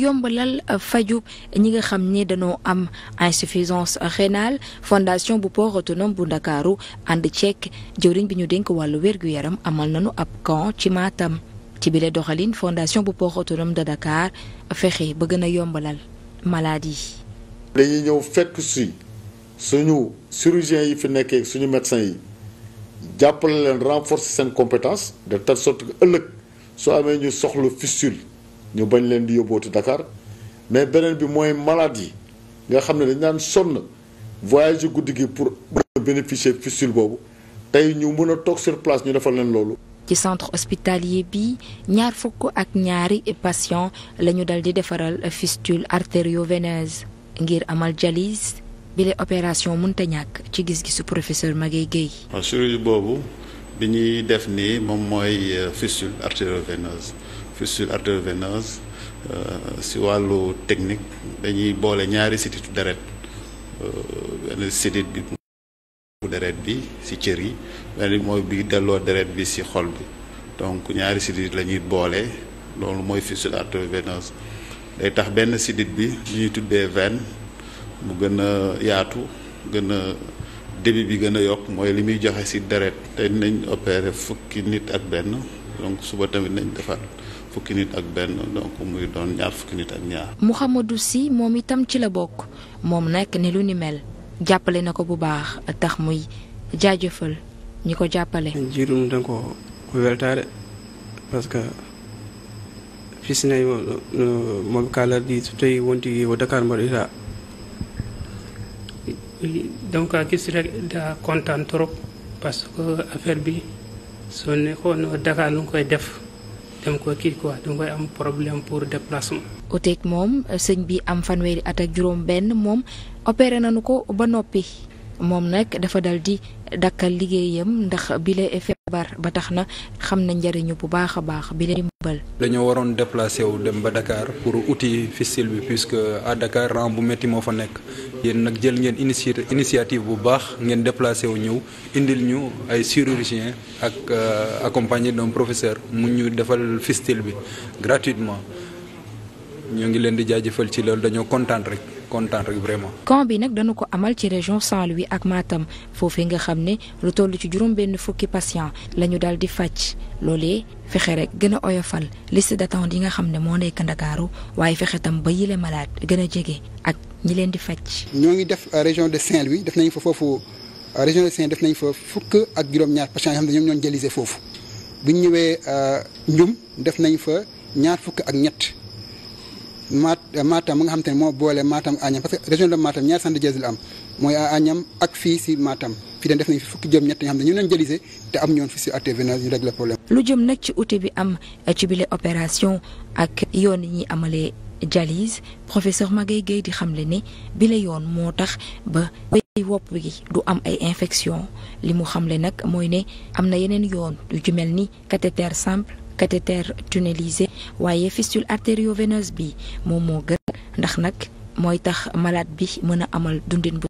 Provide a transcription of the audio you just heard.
yombalal euh, faju ñi nga xam ni dañoo am insuffisance rénale fondation bu port autonome bu ndakaaru ànd ceek jëwriñ bi ñu dénk wàll wér yaram amal nañu ab camp ci maatam ci bile doxalin fondation bu port autonome de Dakar fexe ba gën a yombalal malade yi. dañuy ñëw fekk si suñu chirurgiens yi fi nekkee suñu médecins yi jàppale leen renforcer seen compétence de telle sorte ëllëg soo amee ñu soxla fistule ñu bañ leen di yóbbootu Dakar mais beneen bi mooy malade yi nga xam ne dañ daan sonn voyage guddi gi pour bénéficier fistule boobu tey ñu mën a toog sur place ñu defal leen loolu. ci centre hospitalier bi ñaar fukk ak ñaari patient la ñu dal di defaral fistule artério-veineuse ngir amal dialyse bile opération mënta ñàkk ci gis-gisu professeur Maguette Guèye. waaw chirurgie boobu bi ñuy def nii moom mooy fistule artério-veineuse. fistule artério-veineuse euh, si wàllu technique dañuy boole ñaari sititu deret euh, benn sitit bi bu deret bi si cër yi benn mooy bi delloo deret bi si xol bi donc ñaari sitit la ñuy boole loolu mooy fistule artério-veineuse day tax benn sitit bi li ñuy tuddee veine mu gën a yaatu gën a débit bi gën a yokk mooy li muy joxe si deret te nañ opérer fukki nit ak benn donc suba tamit nañ defaat fukki nit ak benn donc muy doon ñaar fukki nit ak ñaar. Mouhamadou Sy moom itam ci la bokk moom nekk ne lu ni mel jàppale na ko bu baax tax muy jaajëfal ñi ko jàppale. jiitu mu da ko weltaare parce que fisinayo moom kala di toy wonti donc gis rek daa kontaan trop parce que affaire bi soo nekkoon Dakar lu nga koy def dem ko kii quoi da nga koy am problème pour déplacement. uteeg moom sëñ bi am fanweeri at ak juróom benn moom opéré nañu ko ba noppi. moom nag dafa dal di dakkal liggéeyam ndax bile feebar ba tax na xam na njëriñu bu baax a baax bile dimbal. dañoo waroon déplacé wu dem ba Dakar pour outil fistule bi puisque à Dakar rang bu métti moo fa nekk yéen nag jël ngeen inici initiative bu baax ngeen déplacé wu ñëw indil ñu ay chirurgien ak euh, accompagné d'un professeur mu ñu defal fistule bi gratuitement ñoo ngi leen di jaajëfal ci loolu dañoo kontaan rek. kontaan rek vraiment. camp bi nag dañu ko amal ci région Saint-Louis ak Matam foofee nga xam ne lu toll ci juróom benn fukki patient la ñu daal di fàcc loolee fexe rek gën a oyofal liste d'attente yi nga xam ne moo nekk Ndakaaru waaye fexe tam ba yile malade gën a jege ak ñi leen di fàcc. ñoo ngi def euh, région de Saint-Louis def nañ fa foofu euh, région de Saint def nañ fa fukk ak juróom-ñaar patients yoo xam ne ñoom ñoo jëlisee foofu bu ñu ñëwee euh, Ndioum def nañu fa ñaar fukk ak ñett. Matam mu nga xam te ne moo boole maatam Agnam parce que région de Matam ñaari centre de dialyse am mooy à ak fii si maatam fii dañ def nañ fukki jëm ñett ñi xam ne ñu leen dialysé te am ñoon fi si ATV na ñu lu jëm nag ci outil bi am ci bile opération ak yoon yi ñuy amalee dialyse professeur Magaye Guèye di xamle ne bile yoon moo tax ba. wopp gi du am ay infection li mu xamle nag mooy ne am na yeneen yoon yu ci mel ni cathéter simple cathéter tunnelisé waaye fistule artério-veineuse bi moom moo gën ndax nag mooy tax malaat bi mën a amal dundin bu